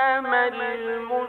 إنما المشركون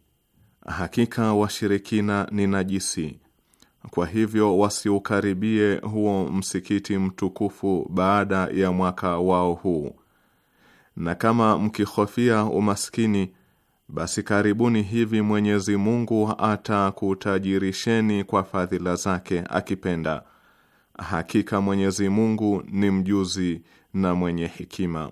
Hakika washirikina ni najisi, kwa hivyo wasiukaribie huo msikiti mtukufu baada ya mwaka wao huu. Na kama mkihofia umaskini, basi karibuni hivi Mwenyezi Mungu atakutajirisheni kwa fadhila zake akipenda. Hakika Mwenyezi Mungu ni mjuzi na mwenye hekima.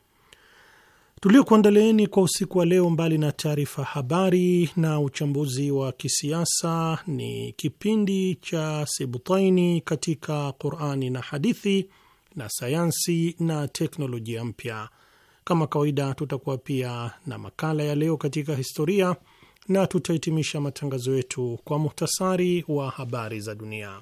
tuliokuandaleeni kwa usiku wa leo, mbali na taarifa habari na uchambuzi wa kisiasa, ni kipindi cha Sibutaini katika Qurani na hadithi na sayansi na teknolojia mpya. Kama kawaida, tutakuwa pia na makala ya leo katika historia na tutahitimisha matangazo yetu kwa muhtasari wa habari za dunia.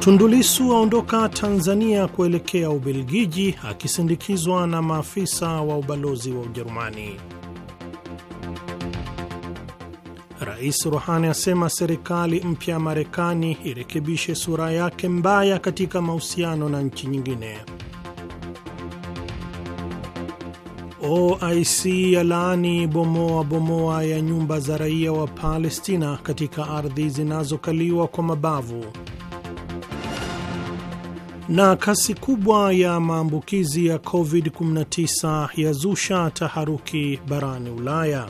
Tundulisu aondoka Tanzania kuelekea Ubelgiji akisindikizwa na maafisa wa ubalozi wa Ujerumani. Rais Rohani asema serikali mpya ya Marekani irekebishe sura yake mbaya katika mahusiano na nchi nyingine. OIC ya laani bomoa bomoa ya nyumba za raia wa Palestina katika ardhi zinazokaliwa kwa mabavu. Na kasi kubwa ya maambukizi ya COVID-19 yazusha taharuki barani Ulaya.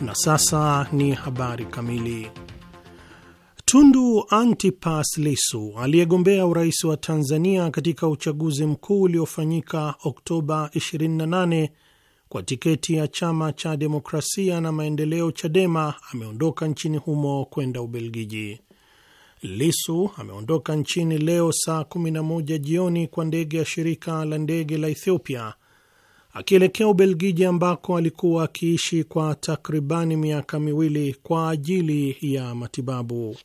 Na sasa ni habari kamili. Tundu Antipas Lisu aliyegombea urais wa Tanzania katika uchaguzi mkuu uliofanyika Oktoba 28 kwa tiketi ya chama cha demokrasia na maendeleo, CHADEMA, ameondoka nchini humo kwenda Ubelgiji. Lisu ameondoka nchini leo saa 11 jioni kwa ndege ya shirika la ndege la Ethiopia akielekea Ubelgiji ambako alikuwa akiishi kwa takribani miaka miwili kwa ajili ya matibabu.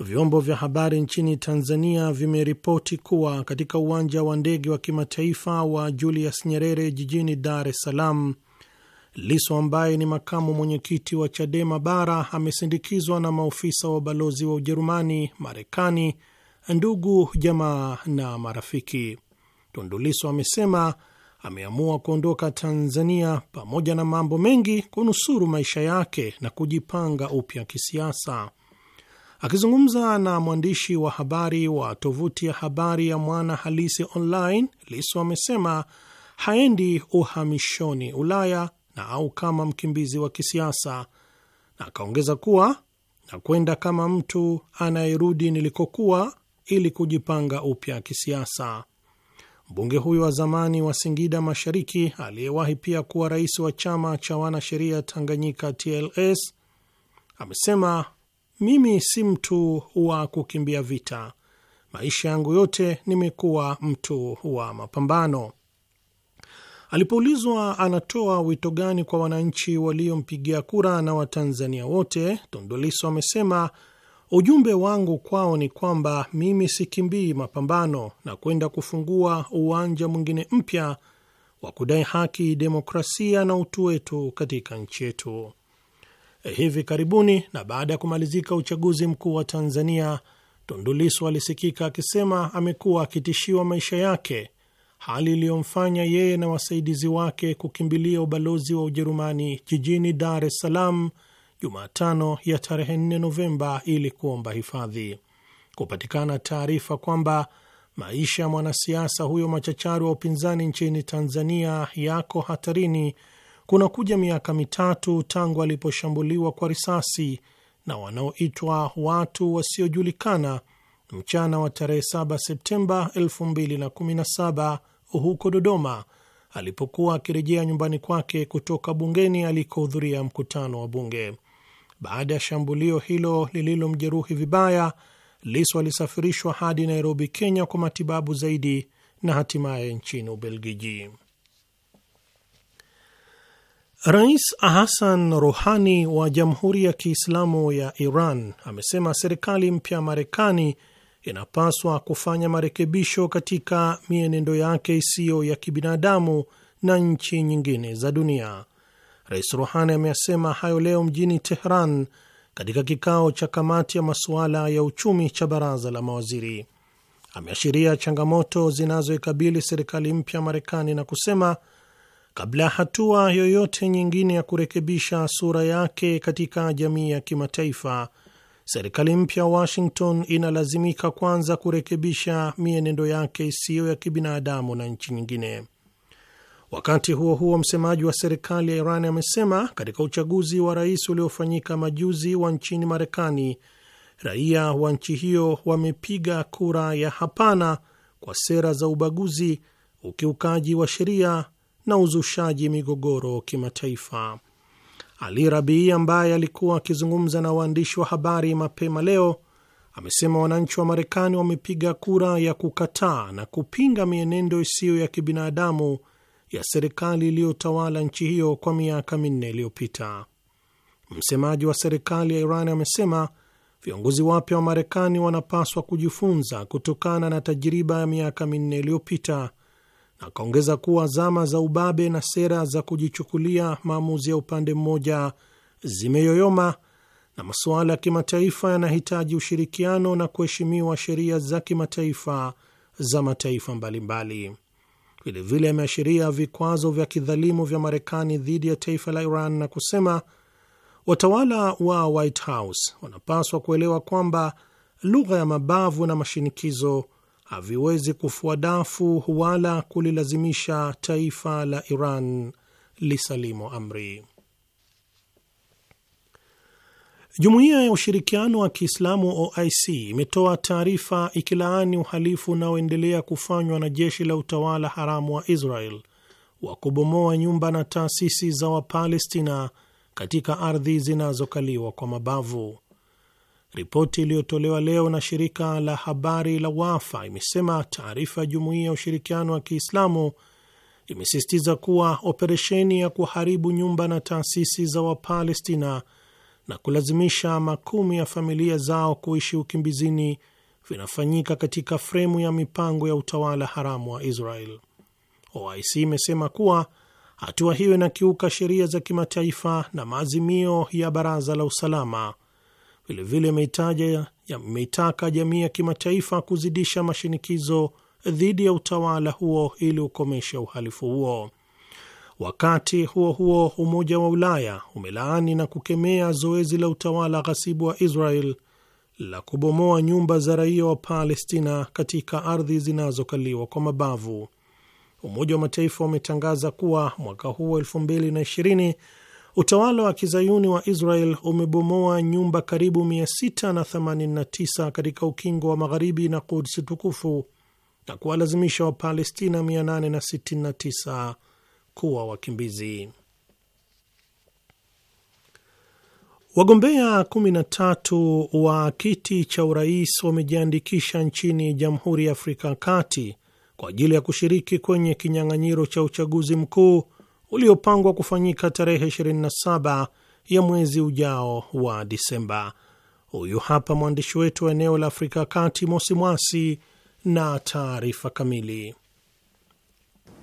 Vyombo vya habari nchini Tanzania vimeripoti kuwa katika uwanja wa ndege wa kimataifa wa Julius Nyerere jijini Dar es Salaam Liso ambaye ni makamu mwenyekiti wa Chadema Bara amesindikizwa na maofisa wa balozi wa Ujerumani, Marekani, ndugu jamaa na marafiki. Tundu Liso amesema ameamua kuondoka Tanzania pamoja na mambo mengi kunusuru maisha yake na kujipanga upya kisiasa. Akizungumza na mwandishi wa habari wa tovuti ya habari ya Mwana Halisi Online, Liso amesema haendi uhamishoni Ulaya na au kama mkimbizi wa kisiasa, na akaongeza kuwa na kwenda kama mtu anayerudi nilikokuwa ili kujipanga upya kisiasa. Mbunge huyo wa zamani wa Singida Mashariki aliyewahi pia kuwa rais wa chama cha wanasheria Tanganyika TLS amesema, mimi si mtu wa kukimbia vita, maisha yangu yote nimekuwa mtu wa mapambano. Alipoulizwa anatoa wito gani kwa wananchi waliompigia kura na Watanzania wote, Tundulisu amesema ujumbe wangu kwao ni kwamba mimi sikimbii mapambano na kwenda kufungua uwanja mwingine mpya wa kudai haki, demokrasia na utu wetu katika nchi yetu. Hivi karibuni na baada ya kumalizika uchaguzi mkuu wa Tanzania, Tundulisu alisikika akisema amekuwa akitishiwa maisha yake hali iliyomfanya yeye na wasaidizi wake kukimbilia ubalozi wa Ujerumani jijini Dar es Salaam Jumatano ya tarehe 4 Novemba ili kuomba hifadhi. Kupatikana taarifa kwamba maisha ya mwanasiasa huyo machachari wa upinzani nchini Tanzania yako hatarini kunakuja miaka mitatu tangu aliposhambuliwa kwa risasi na wanaoitwa watu wasiojulikana mchana wa tarehe 7 Septemba huko Dodoma alipokuwa akirejea nyumbani kwake kutoka bungeni alikohudhuria mkutano wa bunge. Baada ya shambulio hilo lililomjeruhi vibaya, Lissu alisafirishwa hadi Nairobi, Kenya kwa matibabu zaidi na hatimaye nchini Ubelgiji. Rais Hassan Rouhani wa Jamhuri ya Kiislamu ya Iran amesema serikali mpya ya Marekani inapaswa kufanya marekebisho katika mienendo yake isiyo ya kibinadamu na nchi nyingine za dunia. Rais Ruhani ameyasema hayo leo mjini Tehran katika kikao cha kamati ya masuala ya uchumi cha baraza la mawaziri. Ameashiria changamoto zinazoikabili serikali mpya Marekani na kusema kabla ya hatua yoyote nyingine ya kurekebisha sura yake katika jamii ya kimataifa serikali mpya Washington inalazimika kwanza kurekebisha mienendo yake isiyo ya kibinadamu na nchi nyingine. Wakati huo huo, msemaji wa serikali ya Iran amesema katika uchaguzi wa rais uliofanyika majuzi wa nchini Marekani, raia wa nchi hiyo wamepiga kura ya hapana kwa sera za ubaguzi, ukiukaji wa sheria na uzushaji migogoro kimataifa. Ali Rabii ambaye alikuwa akizungumza na waandishi wa habari mapema leo amesema wananchi wa Marekani wamepiga kura ya kukataa na kupinga mienendo isiyo ya kibinadamu ya serikali iliyotawala nchi hiyo kwa miaka minne iliyopita. Msemaji wa serikali ya Iran amesema viongozi wapya wa Marekani wanapaswa kujifunza kutokana na tajiriba ya miaka minne iliyopita Akaongeza kuwa zama za ubabe na sera za kujichukulia maamuzi ya upande mmoja zimeyoyoma na masuala ya kimataifa yanahitaji ushirikiano na kuheshimiwa sheria za kimataifa za mataifa mbalimbali. Vilevile ameashiria vikwazo vya kidhalimu vya Marekani dhidi ya taifa la Iran na kusema watawala wa White House wanapaswa kuelewa kwamba lugha ya mabavu na mashinikizo haviwezi kufua dafu wala kulilazimisha taifa la Iran lisalimu amri. Jumuiya ya Ushirikiano wa Kiislamu OIC imetoa taarifa ikilaani uhalifu unaoendelea kufanywa na jeshi la utawala haramu wa Israel wa kubomoa nyumba na taasisi za Wapalestina katika ardhi zinazokaliwa kwa mabavu. Ripoti iliyotolewa leo na shirika la habari la Wafa imesema taarifa ya jumuiya ya ushirikiano wa Kiislamu imesisitiza kuwa operesheni ya kuharibu nyumba na taasisi za Wapalestina na kulazimisha makumi ya familia zao kuishi ukimbizini vinafanyika katika fremu ya mipango ya utawala haramu wa Israel. OIC imesema kuwa hatua hiyo inakiuka sheria za kimataifa na maazimio ya Baraza la Usalama Vilevile imeitaka jamii ya kimataifa kuzidisha mashinikizo dhidi ya utawala huo ili ukomesha uhalifu huo. Wakati huo huo, Umoja wa Ulaya umelaani na kukemea zoezi la utawala ghasibu wa Israel la kubomoa nyumba za raia wa Palestina katika ardhi zinazokaliwa kwa mabavu. Umoja wa Mataifa umetangaza kuwa mwaka huo 2020 Utawala wa kizayuni wa Israel umebomoa nyumba karibu 689 katika ukingo wa magharibi na Kudsi tukufu na kuwalazimisha Wapalestina 869 kuwa wakimbizi. Wagombea 13 wa kiti cha urais wamejiandikisha nchini Jamhuri ya Afrika ya Kati kwa ajili ya kushiriki kwenye kinyang'anyiro cha uchaguzi mkuu uliopangwa kufanyika tarehe 27 ya mwezi ujao wa Disemba. Huyu hapa mwandishi wetu wa eneo la Afrika Kati, Mosi Mwasi, na taarifa kamili.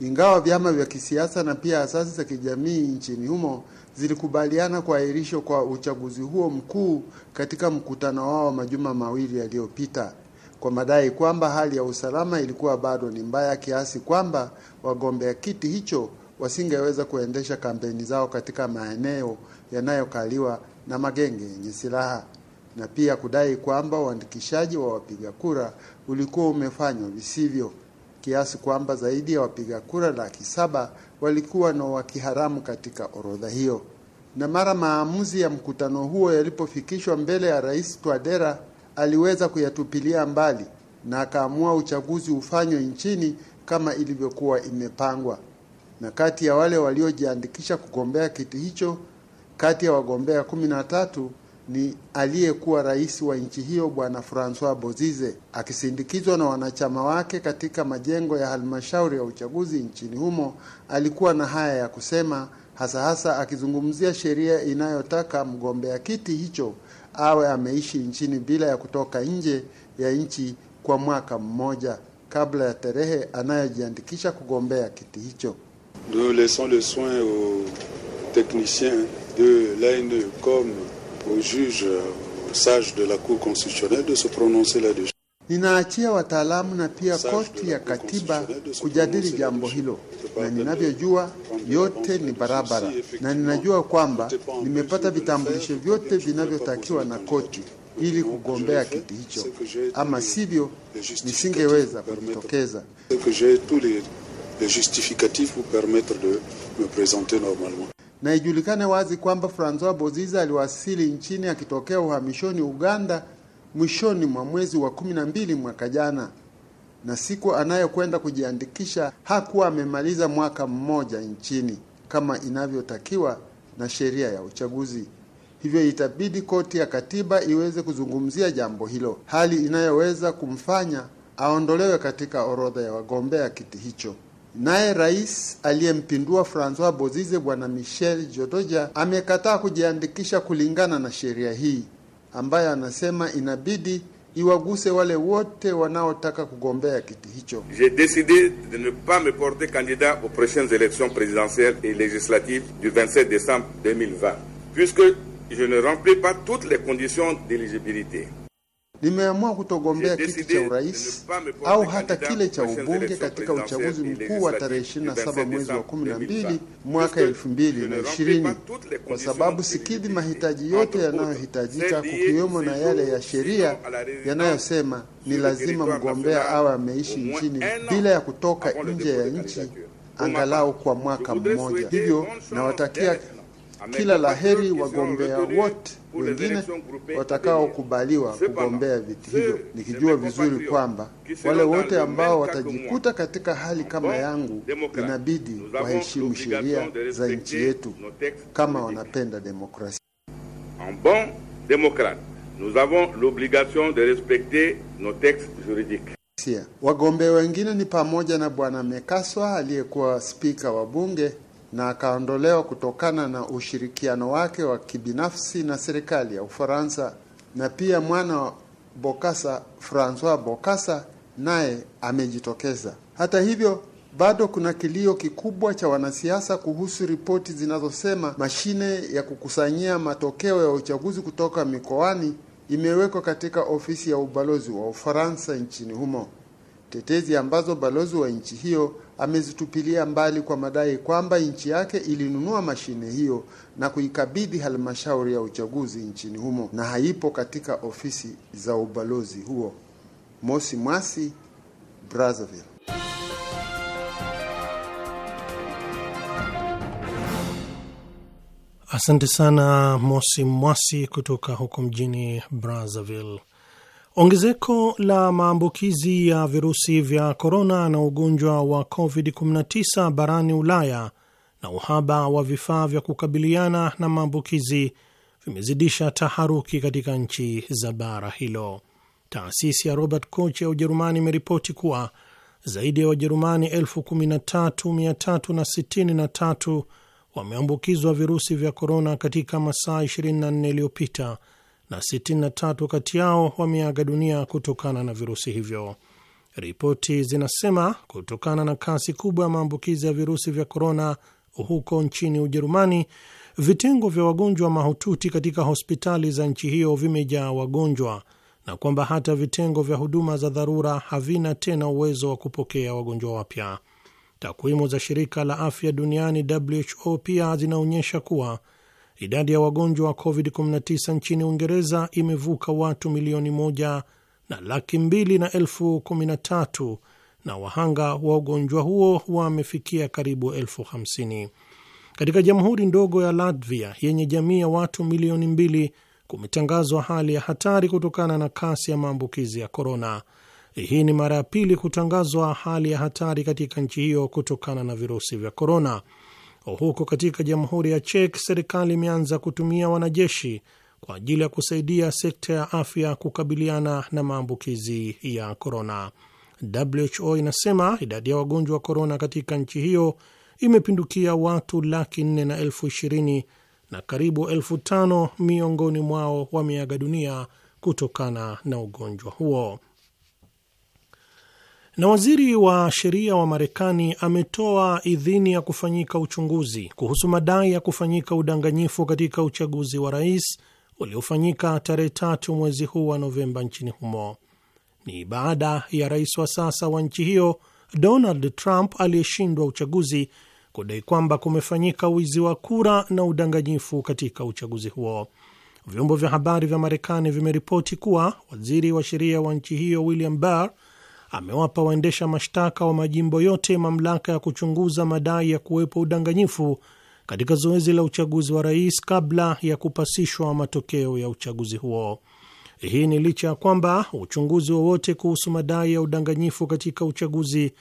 Ingawa vyama vya kisiasa na pia asasi za kijamii nchini humo zilikubaliana kuahirishwa kwa uchaguzi huo mkuu katika mkutano wao wa majuma mawili yaliyopita kwa madai kwamba hali ya usalama ilikuwa bado ni mbaya kiasi kwamba wagombea kiti hicho wasingeweza kuendesha kampeni zao katika maeneo yanayokaliwa na magenge yenye silaha na pia kudai kwamba uandikishaji wa wapiga kura ulikuwa umefanywa visivyo kiasi kwamba zaidi ya wapiga kura laki saba walikuwa na wakiharamu katika orodha hiyo. Na mara maamuzi ya mkutano huo yalipofikishwa mbele ya Rais Twadera aliweza kuyatupilia mbali na akaamua uchaguzi ufanywe nchini kama ilivyokuwa imepangwa na kati ya wale waliojiandikisha kugombea kiti hicho, kati ya wagombea kumi na tatu ni aliyekuwa rais wa nchi hiyo Bwana Francois Bozize akisindikizwa na wanachama wake katika majengo ya halmashauri ya uchaguzi nchini humo. Alikuwa na haya ya kusema, hasa hasa akizungumzia sheria inayotaka mgombea kiti hicho awe ameishi nchini bila ya kutoka nje ya nchi kwa mwaka mmoja kabla ya tarehe anayojiandikisha kugombea kiti hicho. Nous laissons le soin aux techniciens de l'ANE comme aux juges, aux sages de la Cour constitutionnelle de se prononcer là-dessus. Ninaachia wataalamu na pia koti ya katiba kujadili jambo hilo, na ninavyojua yote ni barabara, na ninajua kwamba nimepata vitambulisho vyote vinavyotakiwa na koti ili kugombea kiti hicho, ama sivyo nisingeweza kujitokeza le justificatif pour permettre de me présenter normalement. Na ijulikane wazi kwamba Francois Boziza aliwasili nchini akitokea uhamishoni Uganda mwishoni mwa mwezi wa kumi na mbili mwaka jana, na siku anayokwenda kujiandikisha hakuwa amemaliza mwaka mmoja nchini kama inavyotakiwa na sheria ya uchaguzi. Hivyo itabidi koti ya katiba iweze kuzungumzia jambo hilo, hali inayoweza kumfanya aondolewe katika orodha ya wagombea kiti hicho. Naye rais aliyempindua Francois Bozize, Bwana Michel Jotoja, amekataa kujiandikisha kulingana na sheria hii ambayo anasema inabidi iwaguse wale wote wanaotaka kugombea kiti hicho. J'ai décidé de ne pas me porter candidat aux prochaines élections présidentielles et législatives du 27 décembre 2020 puisque je ne remplis pas toutes les conditions d'éligibilité limeamua kutogombea kiti cha urais au hata kile cha ubunge katika uchaguzi mkuu wa tarehe 27 mwezi wa 12 mwaka 2020, kwa sababu sikidhi mahitaji yote yanayohitajika kukiwemo na yale ya sheria yanayosema ni lazima mgombea awe ameishi nchini bila ya kutoka nje ya nchi angalau kwa mwaka mmoja. Hivyo nawatakia kila la heri wagombea wote wengine watakaokubaliwa kugombea viti hivyo, nikijua vizuri kwamba wale wote ambao watajikuta katika hali kama yangu inabidi waheshimu sheria za nchi yetu kama wanapenda demokrasia. En bon démocrate, nous avons l'obligation de respecter nos textes juridiques. Wagombea wengine ni pamoja na Bwana Mekaswa aliyekuwa spika wa bunge na akaondolewa kutokana na ushirikiano wake wa kibinafsi na serikali ya Ufaransa. Na pia mwana wa Bokasa, Francois Bokasa, naye amejitokeza. Hata hivyo bado kuna kilio kikubwa cha wanasiasa kuhusu ripoti zinazosema mashine ya kukusanyia matokeo ya uchaguzi kutoka mikoani imewekwa katika ofisi ya ubalozi wa Ufaransa nchini humo, tetezi ambazo balozi wa nchi hiyo amezitupilia mbali kwa madai kwamba nchi yake ilinunua mashine hiyo na kuikabidhi halmashauri ya uchaguzi nchini humo na haipo katika ofisi za ubalozi huo. Mosi Mwasi, Brazzaville. Asante sana Mosi Mwasi kutoka huko mjini Brazzaville. Ongezeko la maambukizi ya virusi vya korona na ugonjwa wa COVID-19 barani Ulaya na uhaba wa vifaa vya kukabiliana na maambukizi vimezidisha taharuki katika nchi za bara hilo. Taasisi ya Robert Koch ya Ujerumani imeripoti kuwa zaidi ya Wajerumani 13363 wameambukizwa virusi vya korona katika masaa 24 iliyopita na 63 kati yao wameaga dunia kutokana na virusi hivyo. Ripoti zinasema kutokana na kasi kubwa ya maambukizi ya virusi vya korona huko nchini Ujerumani, vitengo vya wagonjwa mahututi katika hospitali za nchi hiyo vimejaa wagonjwa na kwamba hata vitengo vya huduma za dharura havina tena uwezo wa kupokea wagonjwa wapya. Takwimu za shirika la afya duniani WHO pia zinaonyesha kuwa idadi ya wagonjwa wa COVID-19 nchini Uingereza imevuka watu milioni moja na laki mbili na elfu kumi na tatu na wahanga wa ugonjwa huo wamefikia karibu elfu hamsini. Katika jamhuri ndogo ya Latvia yenye jamii ya watu milioni mbili kumetangazwa hali ya hatari kutokana na kasi ya maambukizi ya korona. Hii ni mara ya pili kutangazwa hali ya hatari katika nchi hiyo kutokana na virusi vya korona. Huko katika Jamhuri ya chek serikali imeanza kutumia wanajeshi kwa ajili ya kusaidia sekta ya afya kukabiliana na maambukizi ya korona. WHO inasema idadi ya wagonjwa wa korona katika nchi hiyo imepindukia watu laki nne na elfu ishirini na karibu elfu tano miongoni mwao wameaga dunia kutokana na ugonjwa huo. Na waziri wa sheria wa Marekani ametoa idhini ya kufanyika uchunguzi kuhusu madai ya kufanyika udanganyifu katika uchaguzi wa rais uliofanyika tarehe tatu mwezi huu wa Novemba nchini humo. Ni baada ya rais wa sasa wa nchi hiyo Donald Trump aliyeshindwa uchaguzi kudai kwamba kumefanyika wizi wa kura na udanganyifu katika uchaguzi huo. Vyombo vya habari vya Marekani vimeripoti kuwa waziri wa sheria wa nchi hiyo William Barr amewapa waendesha mashtaka wa majimbo yote mamlaka ya kuchunguza madai ya kuwepo udanganyifu katika zoezi la uchaguzi wa rais kabla ya kupasishwa matokeo ya uchaguzi huo. Hii ni licha ya kwamba uchunguzi wowote kuhusu madai ya udanganyifu katika uchaguzi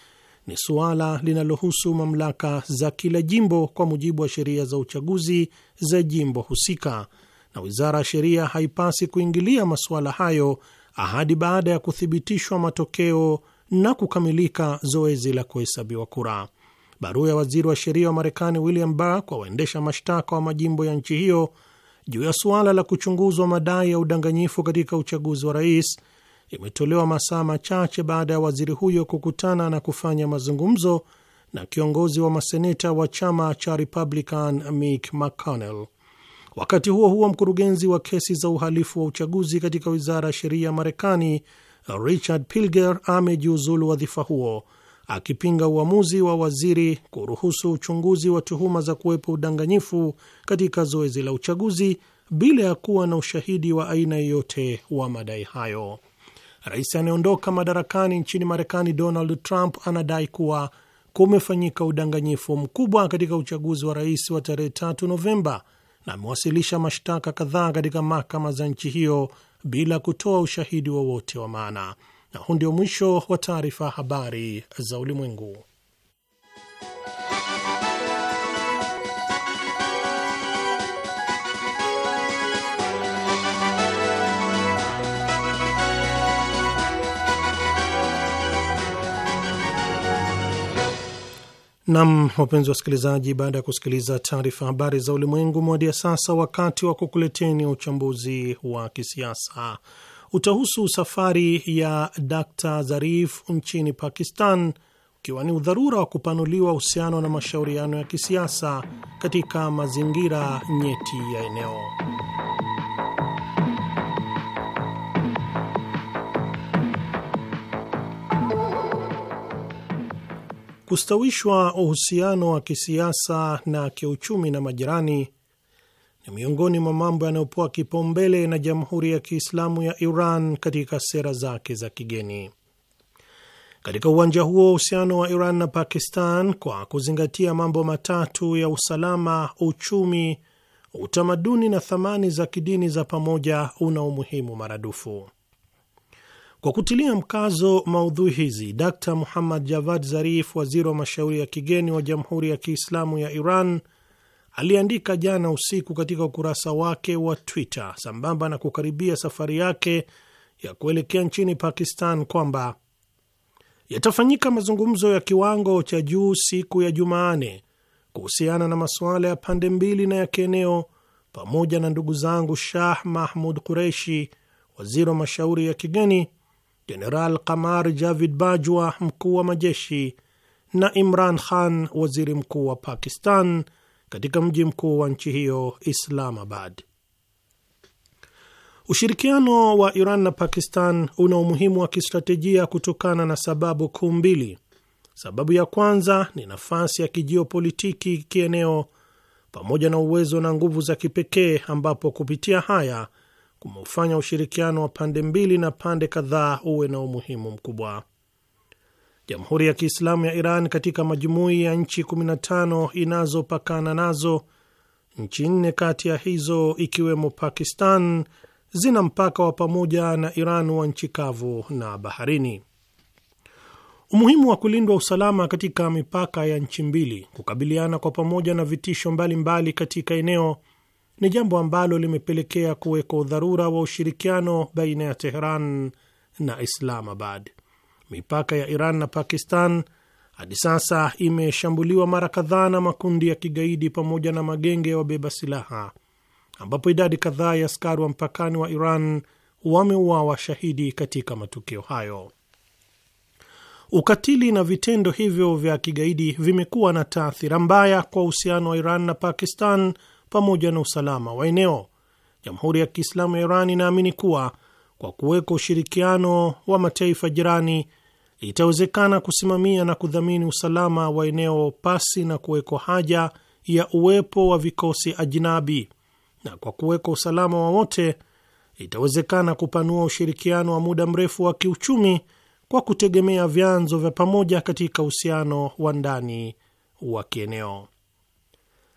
ni suala linalohusu mamlaka za kila jimbo kwa mujibu wa sheria za uchaguzi za jimbo husika, na wizara ya sheria haipasi kuingilia masuala hayo ahadi baada ya kuthibitishwa matokeo na kukamilika zoezi la kuhesabiwa kura. Barua ya waziri wa sheria wa Marekani William Barr kwa waendesha mashtaka wa majimbo ya nchi hiyo juu ya suala la kuchunguzwa madai ya udanganyifu katika uchaguzi wa rais imetolewa masaa machache baada ya waziri huyo kukutana na kufanya mazungumzo na kiongozi wa maseneta wa chama cha Republican Mitch McConnell. Wakati huo huo, mkurugenzi wa kesi za uhalifu wa uchaguzi katika wizara ya sheria ya Marekani Richard Pilger amejiuzulu wadhifa huo akipinga uamuzi wa waziri kuruhusu uchunguzi wa tuhuma za kuwepo udanganyifu katika zoezi la uchaguzi bila ya kuwa na ushahidi wa aina yoyote wa madai hayo. Rais anayeondoka madarakani nchini Marekani Donald Trump anadai kuwa kumefanyika udanganyifu mkubwa katika uchaguzi wa rais wa tarehe 3 Novemba na amewasilisha mashtaka kadhaa katika mahakama za nchi hiyo bila kutoa ushahidi wowote wa, wa maana. Na huu ndio mwisho wa taarifa habari za ulimwengu. Nam, wapenzi wasikilizaji, baada ya kusikiliza taarifa habari za ulimwengu, mwadia sasa wakati wa kukuleteni uchambuzi wa kisiasa. Utahusu safari ya Dr Zarif nchini Pakistan, ukiwa ni udharura wa kupanuliwa uhusiano na mashauriano ya kisiasa katika mazingira nyeti ya eneo. Kustawishwa uhusiano wa kisiasa na kiuchumi na majirani ni miongoni mwa mambo yanayopoa kipaumbele na Jamhuri ya Kiislamu ya Iran katika sera zake za kigeni. Katika uwanja huo, uhusiano wa Iran na Pakistan kwa kuzingatia mambo matatu ya usalama, uchumi, utamaduni na thamani za kidini za pamoja una umuhimu maradufu. Kwa kutilia mkazo maudhui hizi, Dkt Muhammad Javad Zarif, waziri wa mashauri ya kigeni wa Jamhuri ya Kiislamu ya Iran, aliandika jana usiku katika ukurasa wake wa Twitter sambamba na kukaribia safari yake ya kuelekea nchini Pakistan kwamba yatafanyika mazungumzo ya kiwango cha juu siku ya Jumanne kuhusiana na masuala ya pande mbili na ya kieneo pamoja na ndugu zangu Shah Mahmud Qureshi, waziri wa mashauri ya kigeni Jeneral Kamar Javid Bajwa, mkuu wa majeshi, na Imran Khan, waziri mkuu wa Pakistan, katika mji mkuu wa nchi hiyo Islamabad. Ushirikiano wa Iran na Pakistan una umuhimu wa kistratejia kutokana na sababu kuu mbili. Sababu ya kwanza ni nafasi ya kijiopolitiki kieneo, pamoja na uwezo na nguvu za kipekee, ambapo kupitia haya kumeufanya ushirikiano wa pande mbili na pande kadhaa uwe na umuhimu mkubwa. Jamhuri ya Kiislamu ya Iran katika majumui ya nchi 15 inazopakana nazo, nchi nne kati ya hizo ikiwemo Pakistan zina mpaka wa pamoja na Iran wa nchi kavu na baharini. Umuhimu wa kulindwa usalama katika mipaka ya nchi mbili, kukabiliana kwa pamoja na vitisho mbalimbali mbali katika eneo ni jambo ambalo limepelekea kuwekwa udharura wa ushirikiano baina ya Teheran na Islamabad. Mipaka ya Iran na Pakistan hadi sasa imeshambuliwa mara kadhaa na makundi ya kigaidi pamoja na magenge ya wabeba silaha, ambapo idadi kadhaa ya askari wa mpakani wa Iran wameuawa shahidi katika matukio hayo. Ukatili na vitendo hivyo vya kigaidi vimekuwa na taathira mbaya kwa uhusiano wa Iran na Pakistan pamoja na usalama wa eneo. Jamhuri ya Kiislamu ya Iran inaamini kuwa kwa kuweka ushirikiano wa mataifa jirani itawezekana kusimamia na kudhamini usalama wa eneo pasi na kuwekwa haja ya uwepo wa vikosi ajnabi, na kwa kuweka usalama wa wote itawezekana kupanua ushirikiano wa muda mrefu wa kiuchumi kwa kutegemea vyanzo vya pamoja katika uhusiano wa ndani wa kieneo.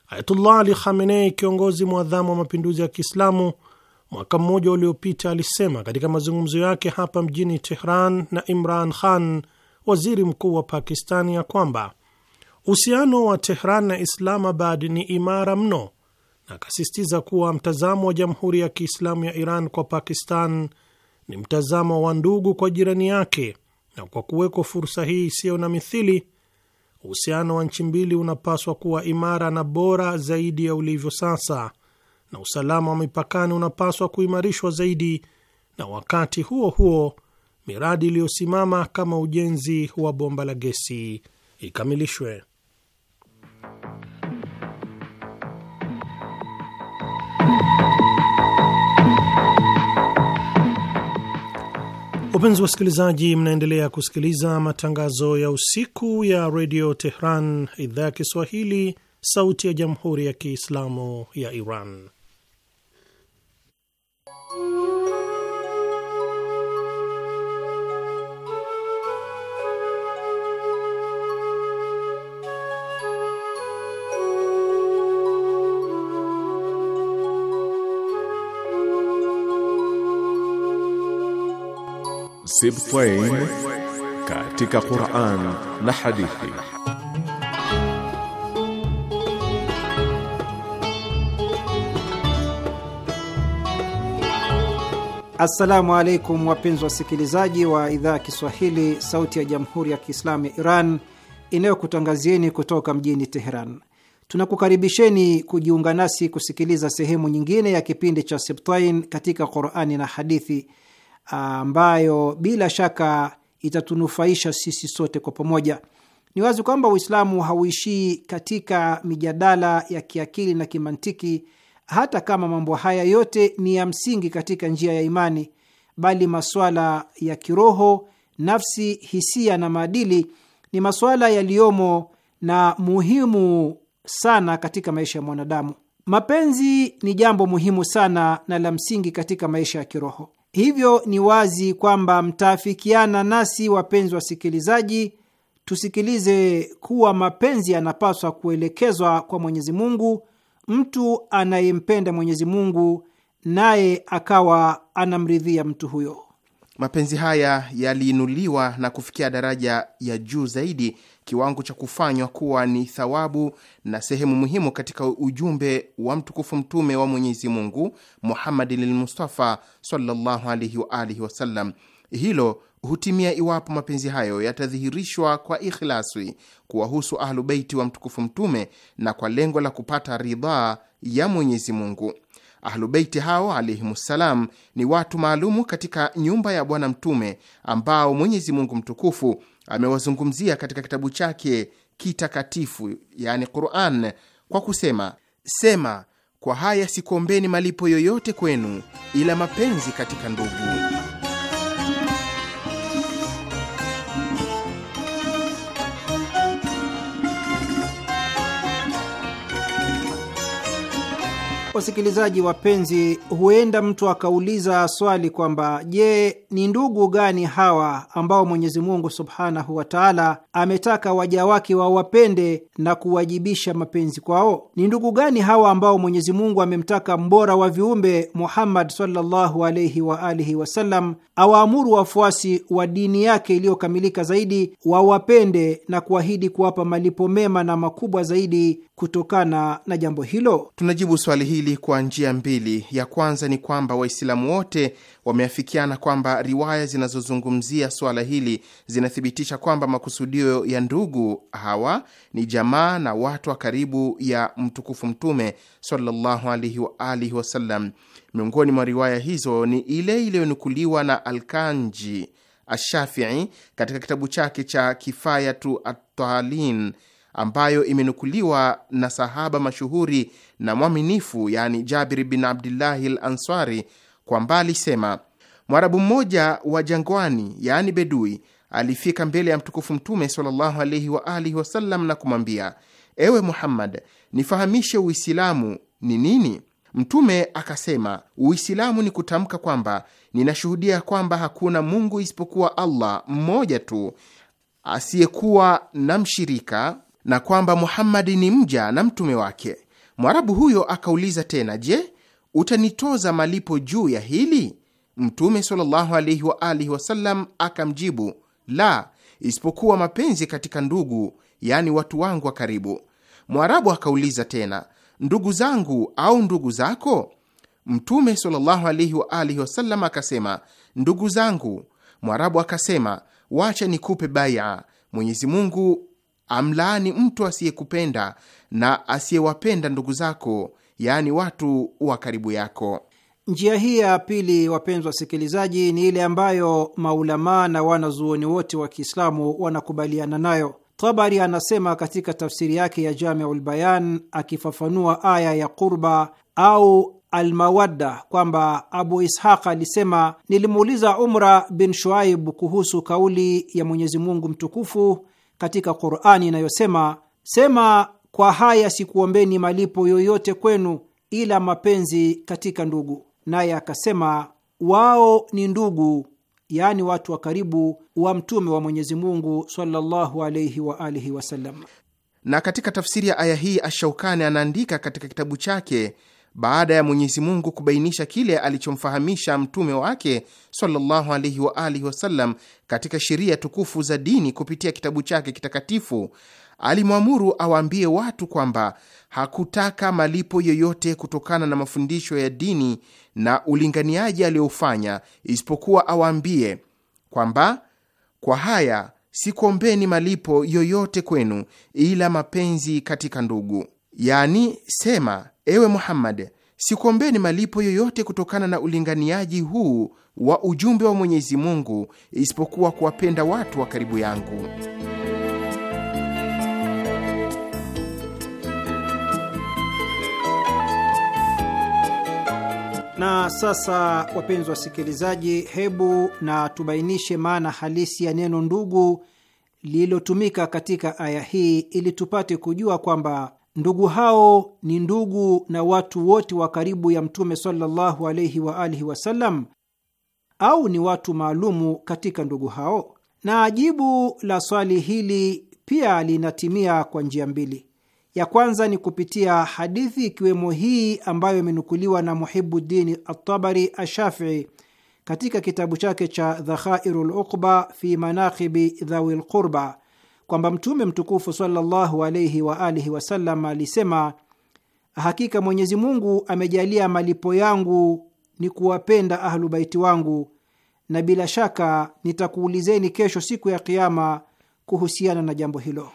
Ayatullah Ali Khamenei, kiongozi mwadhamu wa mapinduzi ya Kiislamu, mwaka mmoja uliopita alisema katika mazungumzo yake hapa mjini Tehran na Imran Khan, waziri mkuu wa Pakistani, ya kwamba uhusiano wa Tehran na Islamabad ni imara mno, na akasisitiza kuwa mtazamo wa Jamhuri ya Kiislamu ya Iran kwa Pakistan ni mtazamo wa ndugu kwa jirani yake, na kwa kuwekwa fursa hii isiyo na mithili uhusiano wa nchi mbili unapaswa kuwa imara na bora zaidi ya ulivyo sasa, na usalama wa mipakani unapaswa kuimarishwa zaidi, na wakati huo huo miradi iliyosimama kama ujenzi wa bomba la gesi ikamilishwe. Wapenzi wasikilizaji, mnaendelea kusikiliza matangazo ya usiku ya redio Tehran, idhaa ya Kiswahili, sauti ya jamhuri ya kiislamu ya Iran. Sibtain katika Qur'an na hadithi. Assalamu alaikum wapenzi wasikilizaji wa idhaa ya Kiswahili sauti ya Jamhuri ya Kiislamu ya Iran inayokutangazieni kutoka mjini Teheran. Tunakukaribisheni kujiunga nasi kusikiliza sehemu nyingine ya kipindi cha Sibtain katika Qur'ani na hadithi ambayo bila shaka itatunufaisha sisi sote kwa pamoja. Ni wazi kwamba Uislamu hauishii katika mijadala ya kiakili na kimantiki, hata kama mambo haya yote ni ya msingi katika njia ya imani, bali masuala ya kiroho, nafsi, hisia na maadili ni masuala yaliyomo na muhimu sana katika maisha ya mwanadamu. Mapenzi ni jambo muhimu sana na la msingi katika maisha ya kiroho. Hivyo ni wazi kwamba mtaafikiana nasi, wapenzi wasikilizaji, tusikilize kuwa mapenzi yanapaswa kuelekezwa kwa Mwenyezi Mungu, mtu anayempenda Mwenyezi Mungu naye akawa anamridhia mtu huyo. Mapenzi haya yaliinuliwa na kufikia daraja ya juu zaidi kiwango cha kufanywa kuwa ni thawabu na sehemu muhimu katika ujumbe wa mtukufu mtume wa Mwenyezi Mungu Muhammad lilmustafa sallallahu alaihi wa alihi wasallam. Hilo hutimia iwapo mapenzi hayo yatadhihirishwa kwa ikhlasi kuwahusu ahlubeiti wa mtukufu mtume na kwa lengo la kupata ridhaa ya Mwenyezi Mungu. Ahlubeiti hao alaihimussalam ni watu maalumu katika nyumba ya Bwana Mtume ambao Mwenyezi Mungu mtukufu amewazungumzia katika kitabu chake kitakatifu, yani Quran, kwa kusema: Sema, kwa haya sikuombeni malipo yoyote kwenu ila mapenzi katika ndugu. Wasikilizaji wapenzi, huenda mtu akauliza swali kwamba je, ni ndugu gani hawa ambao Mwenyezi Mungu subhanahu wa taala ametaka waja wake wawapende na kuwajibisha mapenzi kwao? Ni ndugu gani hawa ambao Mwenyezi Mungu amemtaka mbora wa viumbe Muhammad sallallahu alaihi wa alihi wasallam awaamuru wafuasi wa dini yake iliyokamilika zaidi wawapende na kuahidi kuwapa malipo mema na makubwa zaidi kutokana na jambo hilo? Tunajibu swali hili hili kwa njia mbili. Ya kwanza ni kwamba Waislamu wote wameafikiana kwamba riwaya zinazozungumzia suala hili zinathibitisha kwamba makusudio ya ndugu hawa ni jamaa na watu wa karibu ya mtukufu Mtume sallallahu alaihi wa alihi wasallam. Miongoni mwa riwaya hizo ni ile iliyonukuliwa na Alkanji Ashafii katika kitabu chake cha Kifayatu Atalin ambayo imenukuliwa na sahaba mashuhuri na mwaminifu, yani Jabiri bin Abdillahi al Answari mbali sema Mwarabu mmoja wa jangwani, yani bedui, alifika mbele ya mtukufu Mtume sallallahu alaihi wa alihi wasallam na kumwambia, ewe Muhammad, nifahamishe Uislamu ni nini? Mtume akasema, Uislamu ni kutamka kwamba ninashuhudia kwamba hakuna Mungu isipokuwa Allah mmoja tu asiyekuwa na mshirika na kwamba Muhammadi ni mja na mtume wake. Mwarabu huyo akauliza tena, je, utanitoza malipo juu ya hili? Mtume sallallahu alaihi wa alihi wasallam akamjibu, la, isipokuwa mapenzi katika ndugu, yaani watu wangu wa karibu. Mwarabu akauliza tena, ndugu zangu au ndugu zako? Mtume sallallahu alaihi wa alihi wasallam akasema, ndugu zangu. Mwarabu akasema, wacha nikupe baia, Mwenyezi Mungu amlaani mtu asiyekupenda na asiyewapenda ndugu zako, yaani watu wa karibu yako. Njia hii ya pili, wapenzi wasikilizaji, ni ile ambayo maulamaa na wanazuoni wote wa Kiislamu wanakubaliana nayo. Tabari anasema katika tafsiri yake ya Jamiul Bayan akifafanua aya ya qurba au almawadda kwamba Abu Ishaq alisema, nilimuuliza Umra bin Shuaib kuhusu kauli ya Mwenyezi Mungu mtukufu katika Qurani inayosema, sema kwa haya sikuombeni malipo yoyote kwenu ila mapenzi katika ndugu. Naye akasema wao ni ndugu, yaani watu wa karibu wa mtume wa Mwenyezi Mungu sallallahu alayhi wa alihi wasallam. Na katika tafsiri ya aya hii Ashaukani anaandika katika kitabu chake baada ya Mwenyezi Mungu kubainisha kile alichomfahamisha mtume wake sallallahu alaihi wa alihi wasallam katika sheria tukufu za dini kupitia kitabu chake kitakatifu, alimwamuru awaambie watu kwamba hakutaka malipo yoyote kutokana na mafundisho ya dini na ulinganiaji aliyoufanya, isipokuwa awaambie kwamba kwa haya sikuombeni malipo yoyote kwenu ila mapenzi katika ndugu. Yani, sema Ewe Muhammad, sikuombeni malipo yoyote kutokana na ulinganiaji huu wa ujumbe wa Mwenyezi Mungu isipokuwa kuwapenda watu wa karibu yangu. Na sasa, wapenzi wasikilizaji, hebu na tubainishe maana halisi ya neno ndugu lililotumika katika aya hii ili tupate kujua kwamba Ndugu hao ni ndugu na watu wote wa karibu ya Mtume sallallahu alaihi wa alihi wasallam, au ni watu maalumu katika ndugu hao? Na jibu la swali hili pia linatimia kwa njia mbili. Ya kwanza ni kupitia hadithi ikiwemo hii ambayo imenukuliwa na Muhibuddin Atabari Ashafii katika kitabu chake cha Dhakhairu Luqba fi manakibi Dhawi Lqurba kwamba Mtume mtukufu sallallahu alaihi wa alihi wasallam alisema, hakika Mwenyezi Mungu amejalia malipo yangu ni kuwapenda Ahlu Baiti wangu, na bila shaka nitakuulizeni kesho siku ya Kiama kuhusiana na jambo hilo.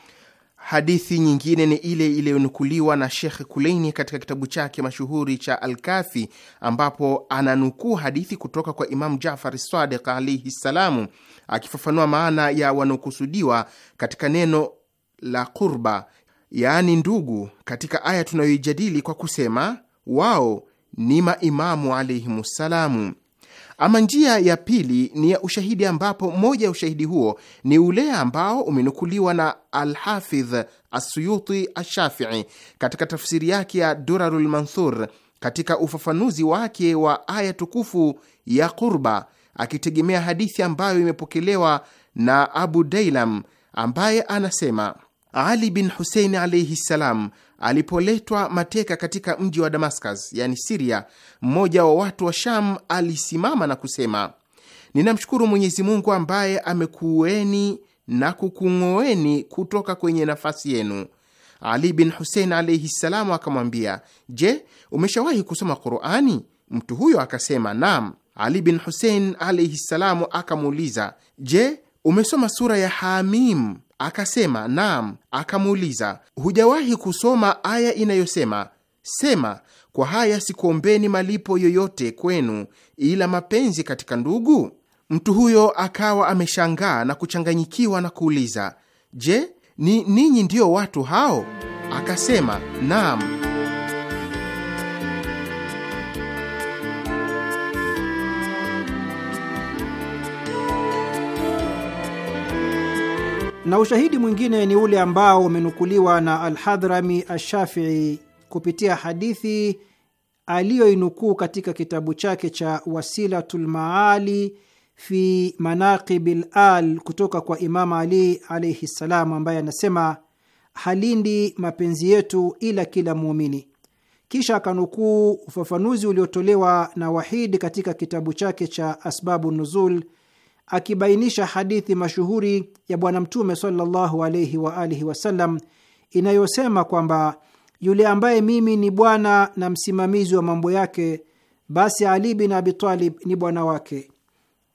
Hadithi nyingine ni ile iliyonukuliwa na Shekh Kuleini katika kitabu chake mashuhuri cha Alkafi, ambapo ananukuu hadithi kutoka kwa Imamu Jafari Sadiq alaihi ssalamu, akifafanua maana ya wanaokusudiwa katika neno la qurba, yaani ndugu, katika aya tunayoijadili kwa kusema wao ni maimamu alaihimu ssalamu. Ama njia ya pili ni ya ushahidi, ambapo moja ya ushahidi huo ni ule ambao umenukuliwa na Alhafidh Asuyuti Ashafii katika tafsiri yake ya Durarul Manthur katika ufafanuzi wake wa aya tukufu ya Qurba, akitegemea hadithi ambayo imepokelewa na Abu Dailam ambaye anasema ali bin Husein alaihi ssalam alipoletwa mateka katika mji wa Damascus, yani Siria, mmoja wa watu wa Sham alisimama na kusema, ninamshukuru Mwenyezi Mungu ambaye amekuweni na kukung'oeni kutoka kwenye nafasi yenu. Ali bin Husein alaihi ssalamu akamwambia, je, umeshawahi kusoma Qurani? Mtu huyo akasema nam. Ali bin Husein alaihi ssalamu akamuuliza, je, umesoma sura ya Hamim? Akasema naam. Akamuuliza, hujawahi kusoma aya inayosema, sema kwa haya sikuombeni malipo yoyote kwenu ila mapenzi katika ndugu? Mtu huyo akawa ameshangaa na kuchanganyikiwa na kuuliza, je, ni ninyi ndiyo watu hao? Akasema naam. Na ushahidi mwingine ni ule ambao umenukuliwa na Alhadhrami Ashafii kupitia hadithi aliyoinukuu katika kitabu chake cha wasilatulmaali fi manaqibi lal kutoka kwa imamu Ali alaihi ssalam, ambaye anasema halindi mapenzi yetu ila kila muumini. Kisha akanukuu ufafanuzi uliotolewa na Wahidi katika kitabu chake cha Asbabu Nuzul akibainisha hadithi mashuhuri ya Bwana Mtume sallallahu alaihi wa alihi wasallam inayosema kwamba yule ambaye mimi ni bwana na msimamizi wa mambo yake, basi Ali bin Abi Talib ni bwana wake,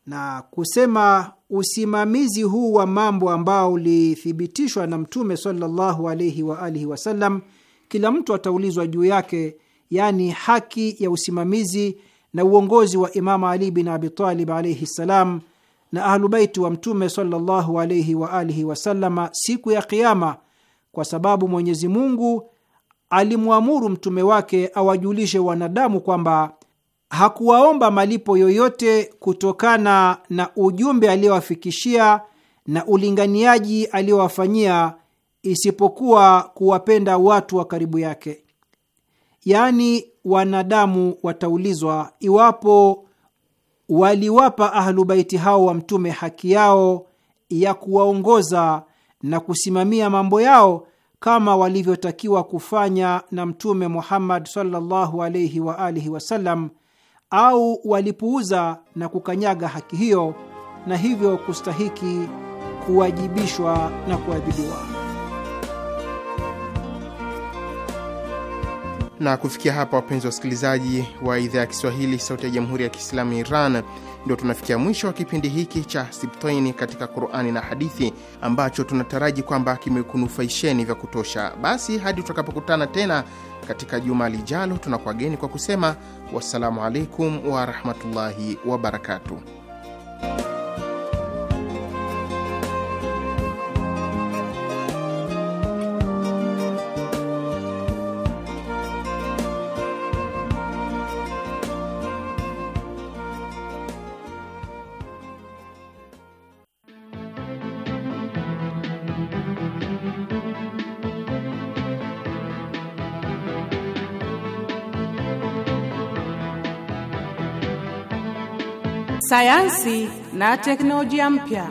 na kusema usimamizi huu wa mambo ambao ulithibitishwa na Mtume sallallahu alaihi wa alihi wasallam, kila mtu ataulizwa juu yake, yaani haki ya usimamizi na uongozi wa Imamu Ali bin Abi Talib alaihi ssalam na Ahlubaiti wa Mtume sallallahu alaihi waalihi wasallama siku ya Kiama, kwa sababu Mwenyezi Mungu alimwamuru mtume wake awajulishe wanadamu kwamba hakuwaomba malipo yoyote kutokana na ujumbe aliyowafikishia na ulinganiaji aliyowafanyia isipokuwa kuwapenda watu wa karibu yake, yaani wanadamu wataulizwa iwapo waliwapa ahlubaiti hao wa Mtume haki yao ya kuwaongoza na kusimamia mambo yao kama walivyotakiwa kufanya na Mtume Muhammad sallallahu alaihi wa alihi wasallam, au walipuuza na kukanyaga haki hiyo na hivyo kustahiki kuwajibishwa na kuadhibiwa. Na kufikia hapa, wapenzi wa wasikilizaji wa idhaa ya Kiswahili sauti ya jamhuri ya Kiislamu Iran, ndio tunafikia mwisho wa kipindi hiki cha siptoini katika Qurani na hadithi ambacho tunataraji kwamba kimekunufaisheni vya kutosha. Basi hadi tutakapokutana tena katika juma lijalo, tunakuwageni kwa kusema wassalamu alaikum warahmatullahi wabarakatuh. sayansi na teknolojia mpya.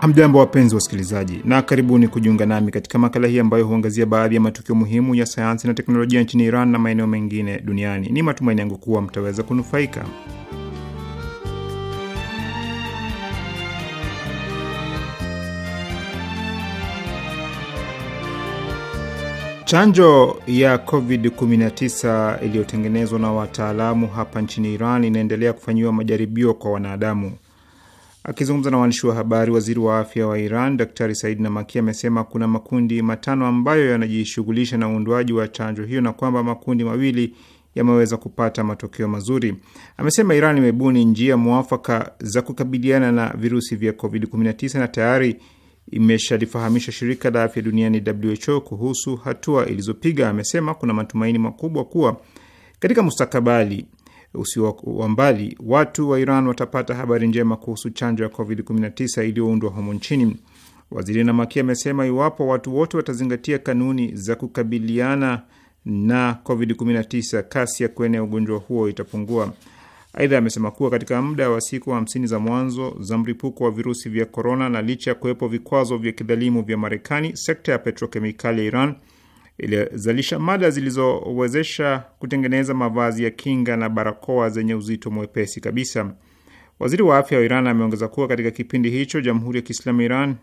Hamjambo, wapenzi wasikilizaji, na karibuni kujiunga nami katika makala hii ambayo huangazia baadhi ya matukio muhimu ya sayansi na teknolojia nchini Iran na maeneo mengine duniani. Ni matumaini yangu kuwa mtaweza kunufaika. Chanjo ya COVID-19 iliyotengenezwa na wataalamu hapa nchini Iran inaendelea kufanyiwa majaribio kwa wanadamu. Akizungumza na waandishi wa habari, waziri wa afya wa Iran Daktari Said Namaki amesema kuna makundi matano ambayo yanajishughulisha na uundwaji wa chanjo hiyo na kwamba makundi mawili yameweza kupata matokeo mazuri. Amesema Iran imebuni njia mwafaka za kukabiliana na virusi vya COVID-19 na tayari imeshalifahamisha shirika la afya duniani WHO kuhusu hatua ilizopiga. Amesema kuna matumaini makubwa kuwa katika mustakabali usio wa mbali watu wa Iran watapata habari njema kuhusu chanjo ya COVID-19 iliyoundwa humo nchini. Waziri Namaki amesema iwapo watu wote watazingatia kanuni za kukabiliana na COVID-19, kasi ya kuenea ugonjwa huo itapungua. Aidha, amesema kuwa katika muda wa siku hamsini za mwanzo za mlipuko wa virusi vya korona, na licha ya kuwepo vikwazo vya kidhalimu vya Marekani, sekta ya petrokemikali ya Iran ilizalisha mada zilizowezesha kutengeneza mavazi ya kinga na barakoa zenye uzito mwepesi kabisa. Waziri wa afya wa Iran ameongeza kuwa katika kipindi hicho Jamhuri ya Kiislamu Iran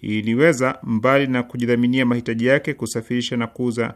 iliweza mbali na kujidhaminia mahitaji yake, kusafirisha na kuuza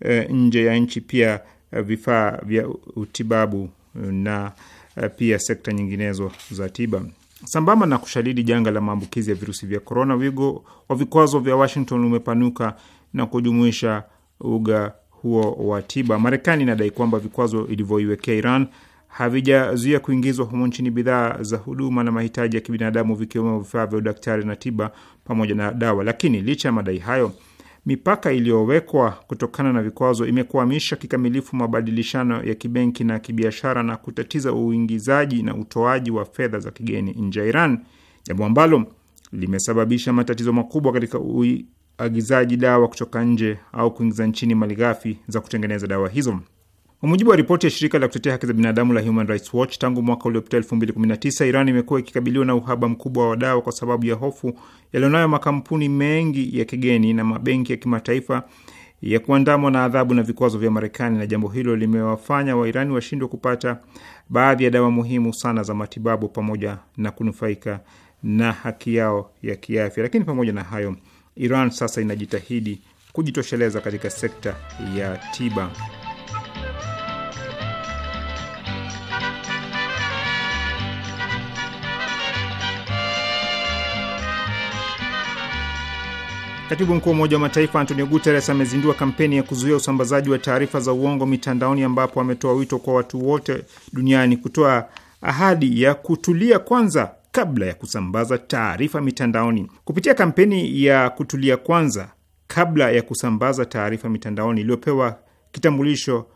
e, nje ya nchi pia eh, vifaa vya utibabu na eh, pia sekta nyinginezo za tiba. Sambamba na kushadidi janga la maambukizi ya virusi vya korona, wigo wa vikwazo vya Washington umepanuka na kujumuisha uga huo wa tiba. Marekani inadai kwamba vikwazo ilivyoiwekea Iran havijazuia kuingizwa humo nchini bidhaa za huduma na mahitaji ya kibinadamu, vikiwemo vifaa vya udaktari na tiba pamoja na dawa. Lakini licha ya madai hayo mipaka iliyowekwa kutokana na vikwazo imekwamisha kikamilifu mabadilishano ya kibenki na kibiashara na kutatiza uingizaji na utoaji wa fedha za kigeni nje ya Iran, jambo ambalo limesababisha matatizo makubwa katika uagizaji dawa kutoka nje au kuingiza nchini malighafi za kutengeneza dawa hizo. Kwa mujibu wa ripoti ya shirika la kutetea haki za binadamu la Human Rights Watch, tangu mwaka uliopita 2019 Iran imekuwa ikikabiliwa na uhaba mkubwa wa dawa kwa sababu ya hofu yaliyonayo makampuni mengi ya kigeni na mabenki ya kimataifa ya kuandamwa na adhabu na vikwazo vya Marekani, na jambo hilo limewafanya Wairani washindwe kupata baadhi ya dawa muhimu sana za matibabu pamoja na kunufaika na haki yao ya kiafya. Lakini pamoja na hayo, Iran sasa inajitahidi kujitosheleza katika sekta ya tiba. Katibu mkuu wa Umoja wa Mataifa Antonio Guterres amezindua kampeni ya kuzuia usambazaji wa taarifa za uongo mitandaoni, ambapo ametoa wito kwa watu wote duniani kutoa ahadi ya kutulia kwanza kabla ya kusambaza taarifa mitandaoni. Kupitia kampeni ya kutulia kwanza kabla ya kusambaza taarifa mitandaoni iliyopewa kitambulisho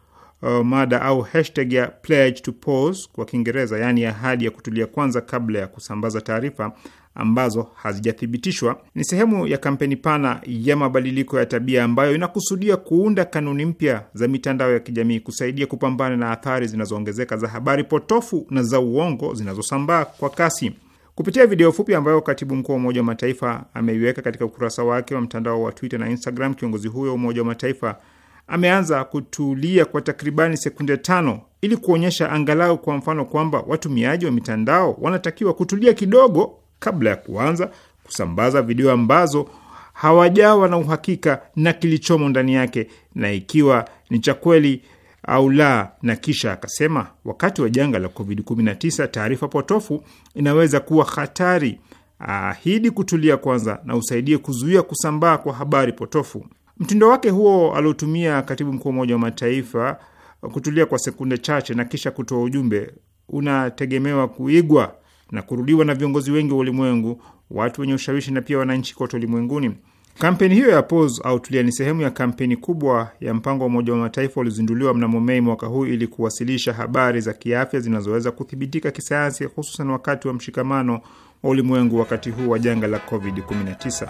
uh, mada au hashtag ya pledge to pause kwa Kiingereza, yaani ahadi ya kutulia kwanza kabla ya kusambaza taarifa, ambazo hazijathibitishwa ni sehemu ya kampeni pana ya mabadiliko ya tabia ambayo inakusudia kuunda kanuni mpya za mitandao ya kijamii kusaidia kupambana na athari zinazoongezeka za habari potofu na za uongo zinazosambaa kwa kasi. Kupitia video fupi ambayo katibu mkuu wa Umoja wa Mataifa ameiweka katika ukurasa wake wa mtandao wa Twitter na Instagram, kiongozi huyo wa Umoja wa Mataifa ameanza kutulia kwa takribani sekunde tano ili kuonyesha angalau kwa mfano kwamba watumiaji wa mitandao wanatakiwa kutulia kidogo kabla ya kuanza kusambaza video ambazo hawajawa na uhakika na kilichomo ndani yake na ikiwa ni cha kweli au la. Na kisha akasema, wakati wa janga la COVID-19 taarifa potofu inaweza kuwa hatari. Ahidi kutulia kwanza na usaidie kuzuia kusambaa kwa habari potofu. Mtindo wake huo aliotumia katibu mkuu wa Umoja wa Mataifa, kutulia kwa sekunde chache na kisha kutoa ujumbe, unategemewa kuigwa na kurudiwa na viongozi wengi wa ulimwengu, watu wenye ushawishi na pia wananchi kote ulimwenguni. Kampeni hiyo ya Pause au Tulia ni sehemu ya kampeni kubwa ya mpango wa Umoja wa Mataifa uliozinduliwa mnamo Mei mwaka huu ili kuwasilisha habari za kiafya zinazoweza kuthibitika kisayansi, hususan wakati wa mshikamano wa ulimwengu wakati huu wa janga la COVID-19.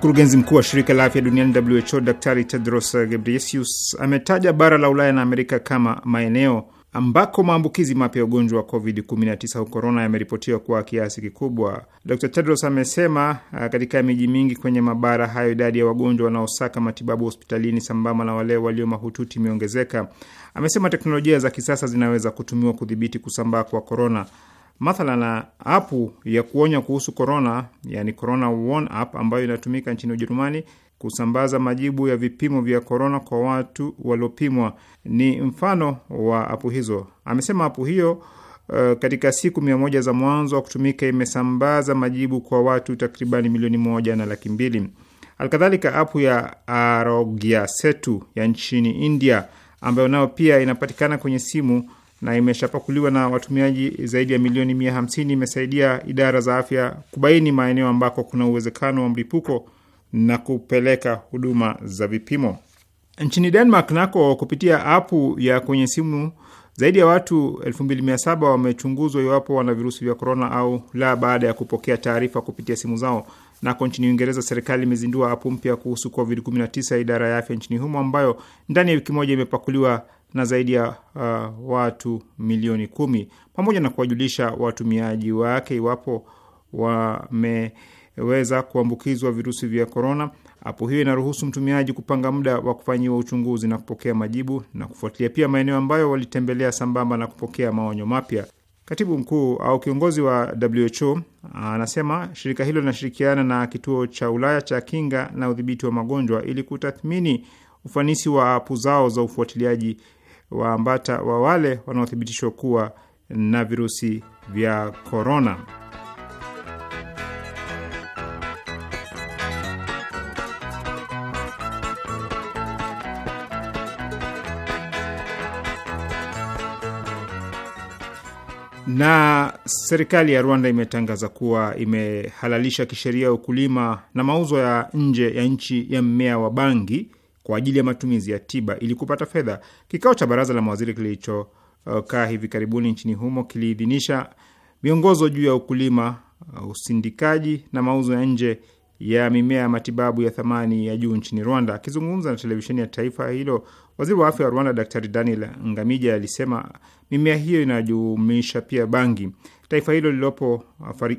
Mkurugenzi mkuu wa shirika la afya duniani WHO Daktari Tedros Ghebreyesus ametaja bara la Ulaya na Amerika kama maeneo ambako maambukizi mapya ya ugonjwa wa COVID-19 au korona yameripotiwa kwa kiasi kikubwa. Dr Tedros amesema uh, katika miji mingi kwenye mabara hayo idadi ya wagonjwa wanaosaka matibabu hospitalini sambamba na wale walio mahututi imeongezeka. Amesema teknolojia za kisasa zinaweza kutumiwa kudhibiti kusambaa kwa korona na apu ya kuonya kuhusu corona, yani corona warn app, ambayo inatumika nchini Ujerumani kusambaza majibu ya vipimo vya corona kwa watu waliopimwa ni mfano wa apu hizo. Amesema apu hiyo uh, katika siku mia moja za mwanzo wa kutumika imesambaza majibu kwa watu takribani milioni moja na laki mbili. Alkadhalika, apu ya Arogya Setu ya nchini India ambayo nayo pia inapatikana kwenye simu na imeshapakuliwa na watumiaji zaidi ya milioni mia hamsini imesaidia idara za afya kubaini maeneo ambako kuna uwezekano wa mlipuko na kupeleka huduma za vipimo. Nchini Denmark nako, kupitia apu ya kwenye simu zaidi ya watu 2700 wamechunguzwa iwapo wana virusi vya korona au la, baada ya kupokea taarifa kupitia simu zao. Nako nchini Uingereza, serikali imezindua apu mpya kuhusu COVID-19 ya idara ya afya nchini humo, ambayo ndani ya wiki moja imepakuliwa na zaidi ya uh, watu milioni kumi pamoja na kuwajulisha watumiaji wake iwapo wameweza kuambukizwa virusi vya korona. Apo hiyo inaruhusu mtumiaji kupanga muda wa kufanyiwa uchunguzi na kupokea majibu na kufuatilia pia maeneo ambayo walitembelea sambamba na kupokea maonyo mapya. Katibu mkuu au kiongozi wa WHO anasema shirika hilo linashirikiana na kituo cha Ulaya cha kinga na udhibiti wa magonjwa ili kutathmini ufanisi wa apu zao za ufuatiliaji waambata wa wale wanaothibitishwa kuwa na virusi vya korona. Na serikali ya Rwanda imetangaza kuwa imehalalisha kisheria ukulima na mauzo ya nje ya nchi ya mmea wa bangi kwa ajili ya matumizi ya tiba ili kupata fedha. Kikao cha baraza la mawaziri kilichokaa hivi karibuni nchini humo kiliidhinisha miongozo juu ya ukulima, uh, usindikaji na mauzo ya nje ya mimea ya matibabu ya thamani ya juu nchini Rwanda. Akizungumza na televisheni ya taifa hilo, waziri wa afya wa Rwanda Dr Daniel Ngamija alisema mimea hiyo inajumuisha pia bangi. Taifa hilo lililopo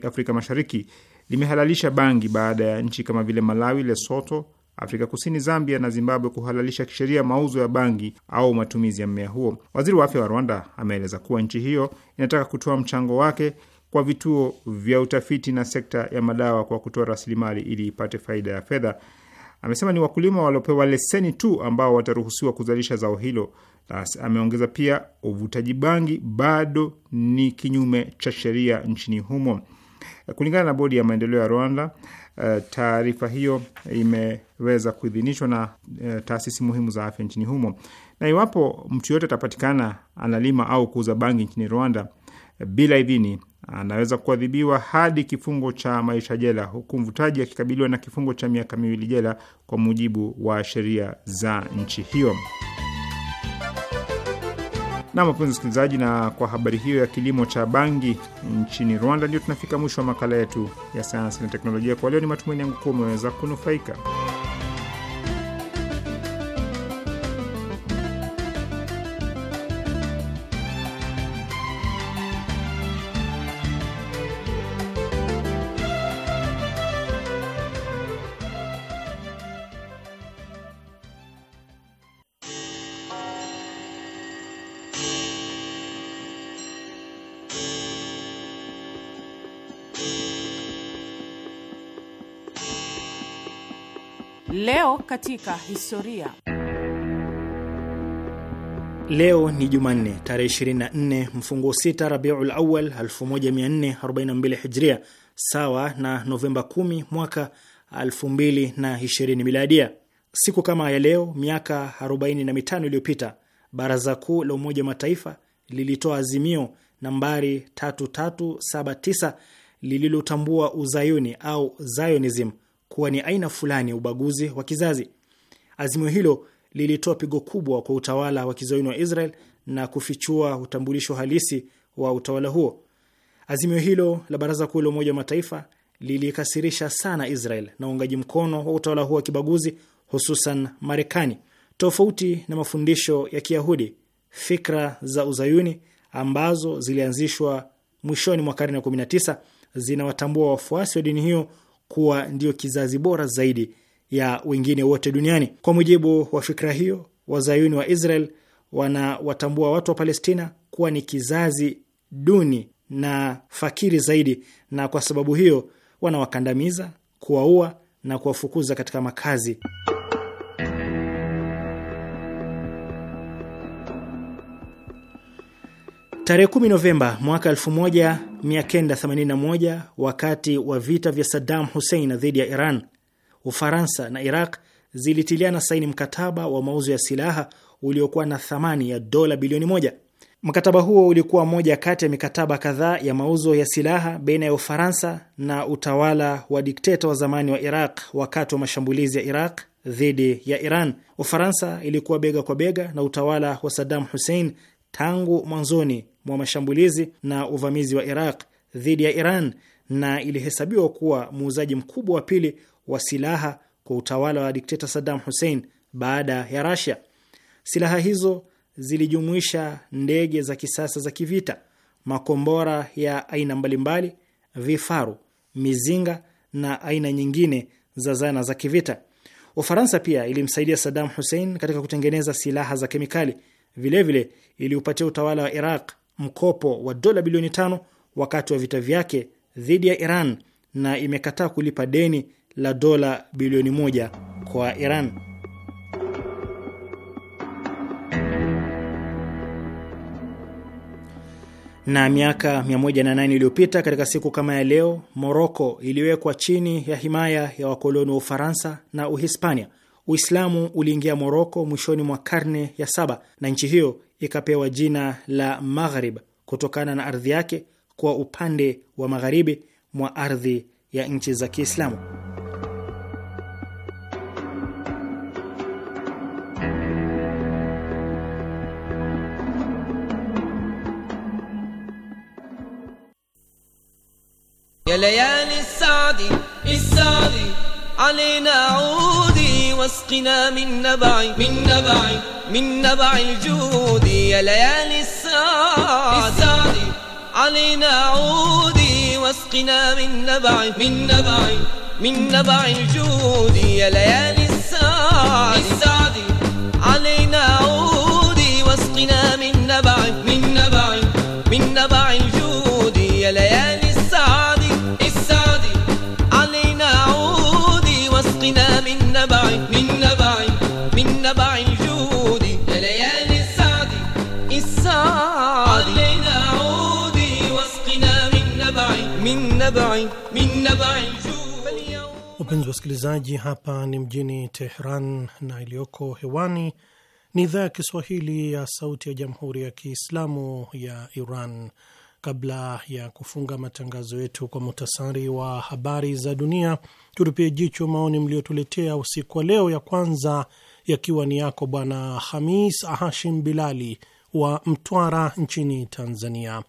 Afrika Mashariki limehalalisha bangi baada ya nchi kama vile Malawi, Lesoto, Afrika Kusini, Zambia na Zimbabwe kuhalalisha kisheria mauzo ya bangi au matumizi ya mmea huo. Waziri wa afya wa Rwanda ameeleza kuwa nchi hiyo inataka kutoa mchango wake kwa vituo vya utafiti na sekta ya madawa kwa kutoa rasilimali ili ipate faida ya fedha. Amesema ni wakulima waliopewa leseni tu ambao wataruhusiwa kuzalisha zao hilo. Ameongeza pia uvutaji bangi bado ni kinyume cha sheria nchini humo. Kulingana na bodi ya maendeleo ya Rwanda, Eh, taarifa hiyo imeweza kuidhinishwa na eh, taasisi muhimu za afya nchini humo, na iwapo mtu yoyote atapatikana analima au kuuza bangi nchini Rwanda eh, bila idhini anaweza kuadhibiwa hadi kifungo cha maisha jela, huku mvutaji akikabiliwa na kifungo cha miaka miwili jela kwa mujibu wa sheria za nchi hiyo. Na mapenzi msikilizaji, na kwa habari hiyo ya kilimo cha bangi nchini Rwanda, ndio tunafika mwisho wa makala yetu ya sayansi na teknolojia kwa leo. Ni matumaini yangu kuwa umeweza kunufaika. Leo katika historia. Leo ni Jumanne tarehe 24 mfungu 6 Rabiul Awal 1442 Hijria, sawa na Novemba 10 mwaka 2020 Miladia. Siku kama ya leo miaka 45 iliyopita, Baraza Kuu la Umoja wa Mataifa lilitoa azimio nambari 3379 lililotambua uzayuni au Zionism kuwa ni aina fulani ya ubaguzi wa kizazi. Azimio hilo lilitoa pigo kubwa kwa utawala wa kizayuni wa Israel na kufichua utambulisho halisi wa utawala huo. Azimio hilo la Baraza Kuu la Umoja wa Mataifa lilikasirisha sana Israel na uungaji mkono wa utawala huo wa kibaguzi, hususan Marekani. Tofauti na mafundisho ya Kiyahudi, fikra za uzayuni ambazo zilianzishwa mwishoni mwa karne ya 19 zinawatambua wafuasi wa dini hiyo kuwa ndiyo kizazi bora zaidi ya wengine wote duniani. Kwa mujibu wa fikra hiyo, wazayuni wa Israel wanawatambua watu wa Palestina kuwa ni kizazi duni na fakiri zaidi, na kwa sababu hiyo wanawakandamiza, kuwaua na kuwafukuza katika makazi Tarehe 10 Novemba mwaka 1981, wakati wa vita vya Saddam Hussein dhidi ya Iran, Ufaransa na Iraq zilitiliana saini mkataba wa mauzo ya silaha uliokuwa na thamani ya dola bilioni moja. Mkataba huo ulikuwa moja kati ya mikataba kadhaa ya mauzo ya silaha baina ya Ufaransa na utawala wa dikteta wa zamani wa Iraq wakati wa mashambulizi ya Iraq dhidi ya Iran. Ufaransa ilikuwa bega kwa bega na utawala wa Saddam Hussein tangu mwanzoni mwa mashambulizi na uvamizi wa Iraq dhidi ya Iran na ilihesabiwa kuwa muuzaji mkubwa wa pili wa silaha kwa utawala wa dikteta Saddam Hussein baada ya rasia Silaha hizo zilijumuisha ndege za kisasa za kivita, makombora ya aina mbalimbali, vifaru, mizinga na aina nyingine za zana za kivita. Ufaransa pia ilimsaidia Saddam Hussein katika kutengeneza silaha za kemikali. Vilevile iliupatia utawala wa Iraq mkopo wa dola bilioni tano wakati wa vita vyake dhidi ya Iran na imekataa kulipa deni la dola bilioni moja kwa Iran. Na miaka 108 iliyopita katika siku kama ya leo, Moroko iliwekwa chini ya himaya ya wakoloni wa Ufaransa na Uhispania. Uislamu uliingia Moroko mwishoni mwa karne ya saba na nchi hiyo ikapewa jina la Maghrib kutokana na ardhi yake kwa upande wa magharibi mwa ardhi ya nchi za Kiislamu. من نبع الجود يا ليالي السعد علينا عودي واسقنا من نبع من نبع من نبع الجود يا ليالي السعد علينا عودي واسقنا من نبع من نبع من نبع الجود يا ليالي السعد السعد علينا عودي واسقنا من نبع من نبع Wapenzi wasikilizaji, hapa ni mjini Tehran na iliyoko hewani ni idhaa ya Kiswahili ya Sauti ya Jamhuri ya Kiislamu ya Iran. Kabla ya kufunga matangazo yetu kwa muhtasari wa habari za dunia, tutupie jicho maoni mliotuletea usiku wa leo, ya kwanza yakiwa ni yako Bwana Hamis Hashim Bilali wa Mtwara nchini Tanzania.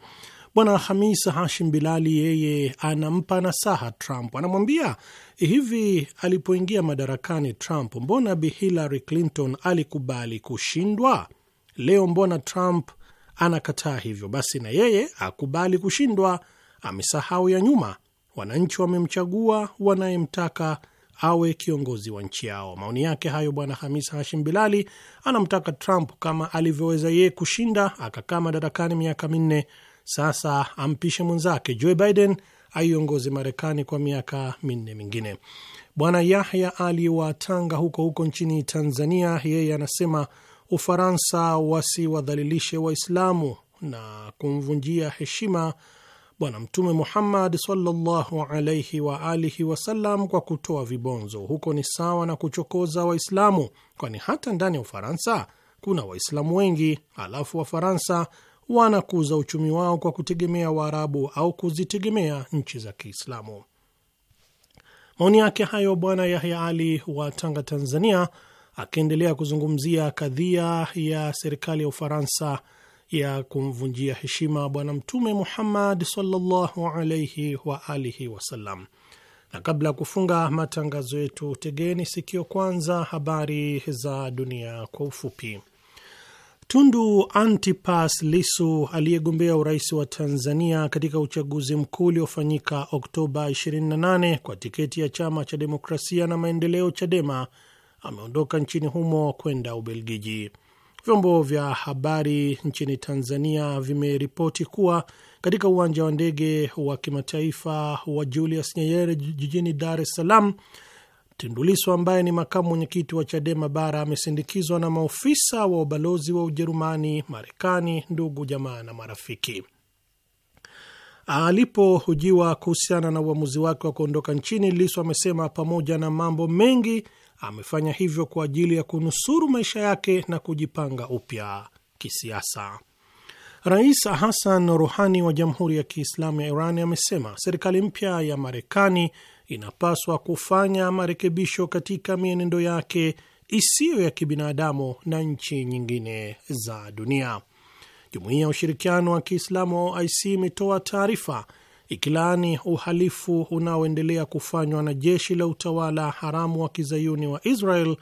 Bwana Hamis Hashim Bilali yeye anampa nasaha Trump, anamwambia hivi, alipoingia madarakani Trump, mbona Bi Hillary Clinton alikubali kushindwa? Leo mbona Trump anakataa hivyo? Basi na yeye akubali kushindwa, amesahau ya nyuma. Wananchi wamemchagua wanayemtaka awe kiongozi wa nchi yao. Maoni yake hayo Bwana Hamis Hashim Bilali anamtaka Trump, kama alivyoweza yeye kushinda akakaa madarakani miaka minne sasa ampishe mwenzake Joe Biden aiongoze Marekani kwa miaka minne mingine. Bwana Yahya Ali wa Tanga huko huko nchini Tanzania, yeye anasema Ufaransa wasiwadhalilishe Waislamu na kumvunjia heshima Bwana Mtume Muhammad sallallahu alaihi wa alihi wasallam kwa kutoa vibonzo huko ni sawa na kuchokoza Waislamu, kwani hata ndani ya Ufaransa kuna Waislamu wengi, alafu Wafaransa wanakuza uchumi wao kwa kutegemea Waarabu au kuzitegemea nchi za Kiislamu. Maoni yake hayo Bwana Yahya Ali wa Tanga, Tanzania, akiendelea kuzungumzia kadhia ya serikali ya Ufaransa ya kumvunjia heshima Bwana Mtume Muhammad sallallahu alaihi wa alihi wasallam. Na kabla ya kufunga matangazo yetu, tegeni sikio kwanza habari za dunia kwa ufupi. Tundu Antipas Lisu aliyegombea urais wa Tanzania katika uchaguzi mkuu uliofanyika Oktoba 28 kwa tiketi ya chama cha demokrasia na maendeleo CHADEMA ameondoka nchini humo kwenda Ubelgiji. Vyombo vya habari nchini Tanzania vimeripoti kuwa katika uwanja wa ndege wa kimataifa wa Julius Nyerere jijini Dar es Salaam Tundu Lissu ambaye ni makamu mwenyekiti wa Chadema Bara amesindikizwa na maofisa wa ubalozi wa Ujerumani, Marekani, ndugu jamaa na marafiki. Alipohojiwa kuhusiana na uamuzi wake wa kuondoka nchini, Lissu amesema pamoja na mambo mengi amefanya hivyo kwa ajili ya kunusuru maisha yake na kujipanga upya kisiasa. Rais Hassan Rouhani wa Jamhuri ya Kiislamu ya Iran amesema serikali mpya ya Marekani inapaswa kufanya marekebisho katika mienendo yake isiyo ya kibinadamu na nchi nyingine za dunia. Jumuiya ya Ushirikiano wa Kiislamu OIC imetoa taarifa ikilaani uhalifu unaoendelea kufanywa na jeshi la utawala haramu wa kizayuni wa Israel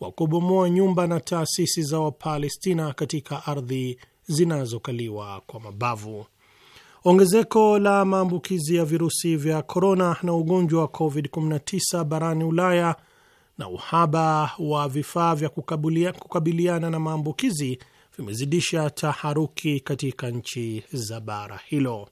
wa kubomoa nyumba na taasisi za Wapalestina katika ardhi zinazokaliwa kwa mabavu. Ongezeko la maambukizi ya virusi vya korona na ugonjwa wa covid-19 barani Ulaya na uhaba wa vifaa vya kukabiliana na maambukizi vimezidisha taharuki katika nchi za bara hilo.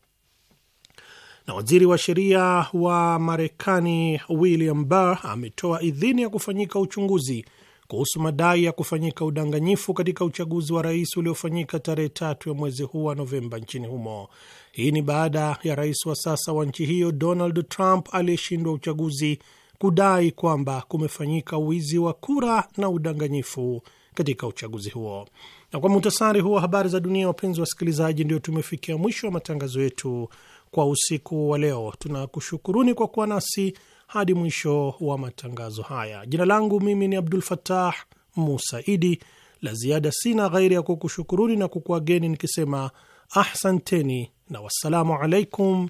Na waziri wa sheria wa Marekani William Barr ametoa idhini ya kufanyika uchunguzi kuhusu madai ya kufanyika udanganyifu katika uchaguzi wa rais uliofanyika tarehe tatu ya mwezi huu wa Novemba nchini humo. Hii ni baada ya rais wa sasa wa nchi hiyo Donald Trump aliyeshindwa uchaguzi kudai kwamba kumefanyika wizi wa kura na udanganyifu katika uchaguzi huo. Na kwa muhtasari huo habari za dunia, wapenzi wasikilizaji, ndio tumefikia mwisho wa matangazo yetu kwa usiku wa leo. Tunakushukuruni kwa kuwa nasi hadi mwisho wa matangazo haya. Jina langu mimi ni Abdul Fattah Musa Idi. La ziada sina ghairi ya kukushukuruni na kukuageni nikisema ahsanteni na wassalamu alaikum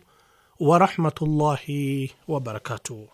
warahmatullahi wabarakatuh.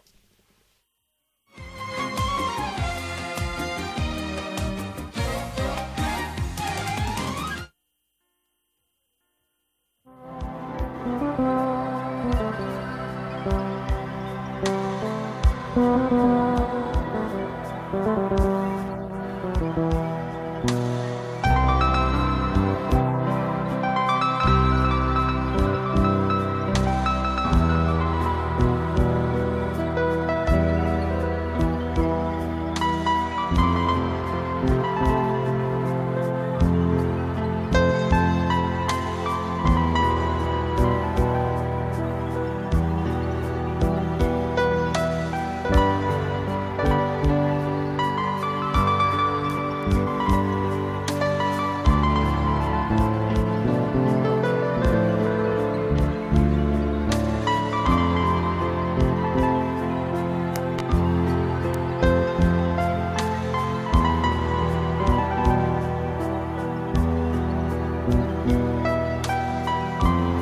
you